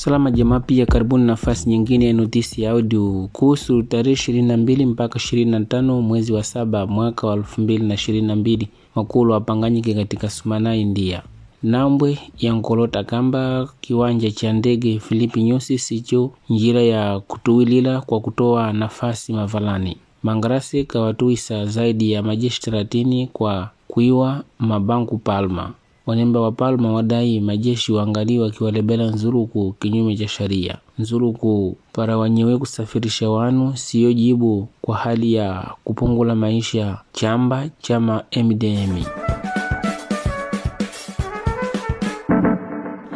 Salama jamaa, pia karibuni nafasi nyingine ya notisi ya audio kuhusu tarehe 22 mpaka 25 mwezi wa saba mwaka wa 2022. Makulu wapanganyike katika Sumana, India. Nambwe yankolota kamba kiwanja cha ndege Filipi Nyusi sicho njira ya kutuwilila kwa kutoa nafasi mavalani. Mangarasi kawatuisa zaidi ya majeshi 30 kwa kuiwa mabanku Palma Wanemba wa Palma wadai majeshi waangalii wakiwalebela nzuruku kinyume cha sharia Nzuruku para wanyewe kusafirisha wanu siyo jibu kwa hali ya kupungula maisha chamba chama MDM.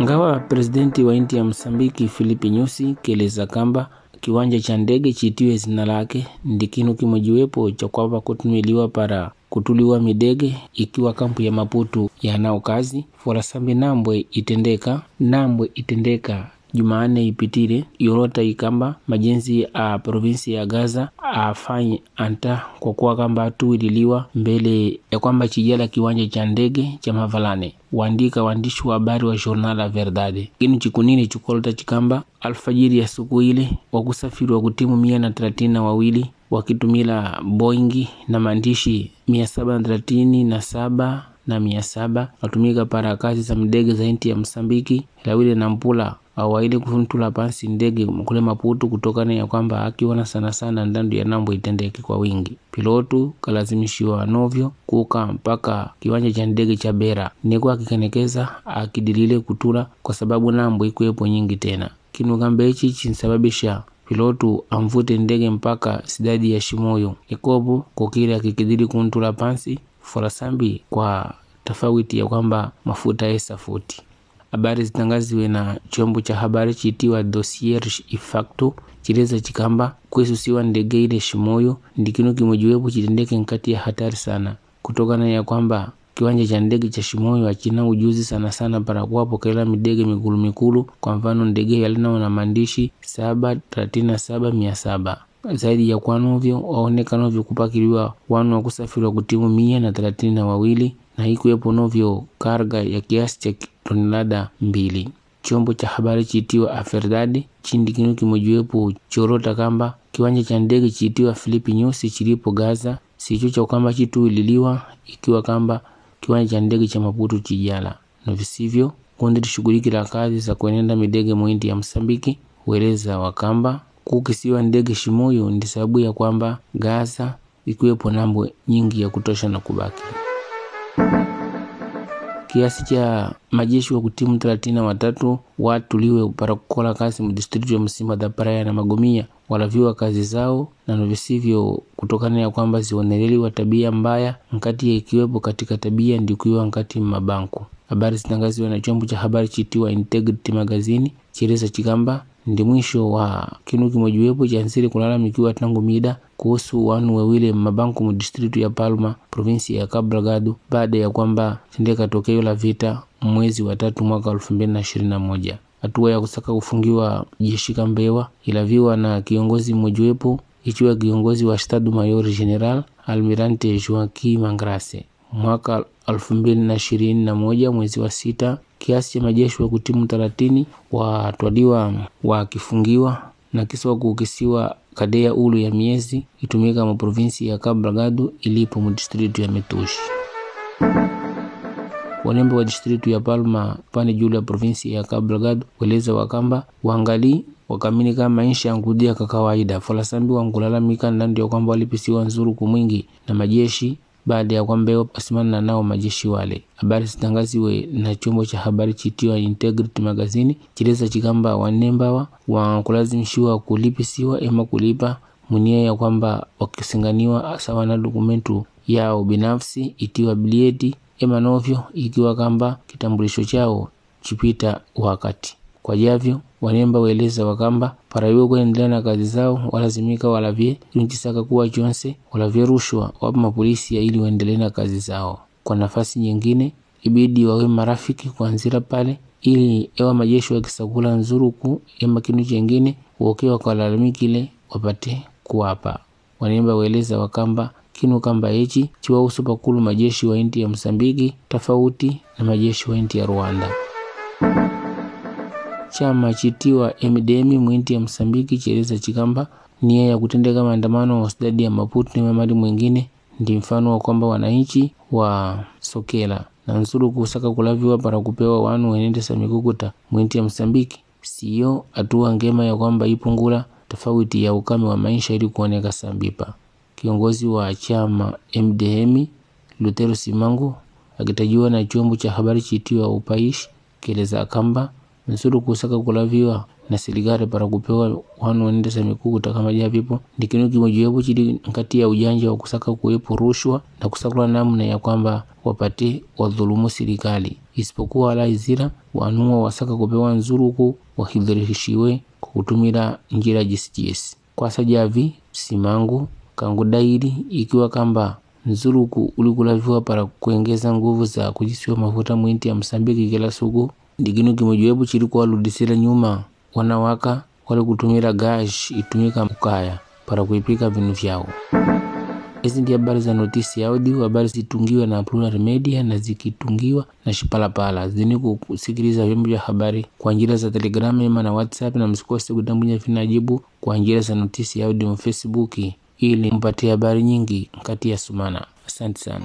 Ngawa presidenti wa inti ya Msambiki Filipi Nyusi kieleza kamba kiwanja cha ndege chitiwe zina lake ndikinu kimojiwepo cha kwava kutumiliwa para kutuliwa midege ikiwa kampu ya Maputu yanao kazi furasambe nambwe itendeka nambwe itendeka Jumanne ipitire yorota ikamba majenzi a provinsi ya Gaza afanye anta kwa kuwa kamba tuililiwa mbele ya kwamba chijala kiwanja cha ndege cha Mavalane waandika waandishi wa habari wa Journal la Verdade kini chikunini chikolota chikamba alfajiri ya siku ile kusafiri wa kutimu mia na thelathini na wawili wakitumila Boeing na maandishi mia saba na thelathini na saba na mia saba watumika para kazi za mdege za inti ya Msambiki lawile na mpula awaile kufuntula pansi ndege kule maputu kutokana ya kwamba akiona sana sana ndandu ya nambo itendeke kwa wingi. Pilotu kalazimishiwa novyo kuka mpaka kiwanja cha ndege cha Bera nikuwa akikenekeza akidilile kutula kwa sababu nambo ikuwepo nyingi tena. Kinukambe ichi chinsababisha pilotu amvute ndege mpaka sidadi ya Shimoyo ikopo kokile akikidili kuntula pansi forasambi kwa tofauti ya kwamba mafuta yesafuti habari zitangaziwe na chombo cha habari chitiwa dossier ifacto chileza chikamba kwesusiwa ile shimoyo ndi kino chitendeke nkati ya hatari sana kutokana ya kwamba kiwanja cha ndege cha Shimoyo hachina ujuzi sana sana para kuwapokela midege mikulu mikulu. Kwa mfano ndege yalinawo na maandishi saba zaidi ya kwanovyo waonekanovyo kupakiliwa wanu wa wa kutimu mia na thelathini na wawili na hikuwepo novyo karga ya kiasi cha tonelada mbili. Chombo cha habari chiitiwa Aferdadi chindi kino kimojiwepo chorota kamba kiwanja cha ndege chiitiwa Filipi Nyusi chilipo Gaza sicho cha kwamba chituililiwa ikiwa kamba kiwanja cha ndege cha Maputo chijala na visivyo kundi lishughulikila kazi za kuenenda midege mwindi ya Msambiki weleza wakamba kukisiwa ndege shimoyo ndi sababu ya kwamba Gaza ikiwepo nambo nyingi ya kutosha na kubaki kiasi cha majeshi wa kutimu thelathini na watatu watuliwe kukola kazi mudistritu ya Msimba Dhaparaya na Magomia walaviwa kazi zao na visivyo kutokana ya kwamba zioneleliwa tabia mbaya nkati ikiwepo katika tabia ndikuiwa nkati mabanku. Habari zitangaziwa na chombo cha habari chitiwa Integrity Magazini chireza chikamba ndi mwisho wa kinu kimojiwepo chansiri kulalamikiwa tangu mida kuhusu wanu wawili mabanku mu distritu ya Palma provinsi ya Cabo baada ya kwamba tendeka tokeo la vita mwezi wa tatu mwaka 2021. Hatua ya kusaka kufungiwa jeshi Kambewa ilaviwa na kiongozi mmojawapo ikiwa kiongozi wa Estado Mayor General Almirante joaqui Mangrase mwaka 2021 mwezi wa sita, kiasi cha majeshi wa kutimu 30 watwaliwa wakifungiwa na kisa wa kukisiwa Kadea Ulu ya miezi itumika kama provinsi ya Kabragadu Delgado ilipo mdistritu ya Metoshi. Wanembo wa distritu ya Palma pani juu ya provinsi ya Kabragadu weleza wakamba wangali wakamini kama maisha yangudia kwa kawaida. falasambi wangulalamika na ndio kwamba walipisiwa nzuru kumwingi na majeshi baada ya kwamba akasimana nao majeshi wale. Habari zitangaziwe na chombo cha habari chitiwa Integrity Magazine chileza chikamba wanembawa wakulazimishiwa kulipisiwa ema kulipa munia ya kwamba wakisinganiwa sawa na dokumentu yao binafsi itiwa bilieti ema novyo ikiwa kamba kitambulisho chao chipita wakati kwa javyo wanemba weleza wakamba paraiwe kuendelea na kazi zao walazimika walavye chinjisaka kuwa chonse walavye rushwa wapo mapolisi ili waendelee na kazi zao. Kwa nafasi nyingine ibidi wawe marafiki kuanzira pale ili ewa majeshi wakisakula nzuruku ema kinu chengine wokewa kwa wapate kuwapa wanemba weleza wakamba kinu kamba echi chiwahusu pakulu majeshi wa inti ya Msambiki tofauti na majeshi wa inti ya Rwanda. Chama chitiwa MDM mwinti ya Msambiki chieleza chikamba niye ya kutendeka maandamano wa hosidadi ya maputu ni mamali mwingine ndi mfano wa kwamba wananchi wa sokela na nzuru kusaka kulaviwa para kupewa wanu wenendesa mikukuta mwinti ya Msambiki siyo atuwa ngema ya kwamba ipungula tofauti ya ukame wa maisha ili kuoneka sambipa. Kiongozi wa chama MDM Lutero simango akitajiwa na chombo cha habari chitiwa Upaishi keleza akamba Misuru kusaka kulaviwa na serikali para kupewa wanu waendesha mikuguta kama javipo ndikino kimojawapo chili nkati ya ujanja wa kusaka kuwepo rushwa na kusakula namna ya kwamba wapate wadhulumu serikali isipokuwa wala izira wanua wasaka kupewa nzuruku wahidhirishiwe kutumira njira jisijesi kwasa javi simangu kangu dairi ikiwa kamba nzuruku ulikulaviwa para kuengeza nguvu za kujisiwa mafuta mwinti ya Msambiki kila suku Ndikino kimojawapo chilikuwa kuwaludisira nyuma wana waka wali kutumira gash itumika mukaya para kuipika vinu vyao. izi ndi habari za notisi audio, habari zitungiwa na Plural Media na zikitungiwa na Shipalapala. Zini kusikiriza vyombo vya habari kwa njira za Telegram ima na WhatsApp, na msikose kutambunya vinajibu kwa njira za notisi audio Facebook, ili mpatie habari nyingi mkati ya sumana. Asante sana.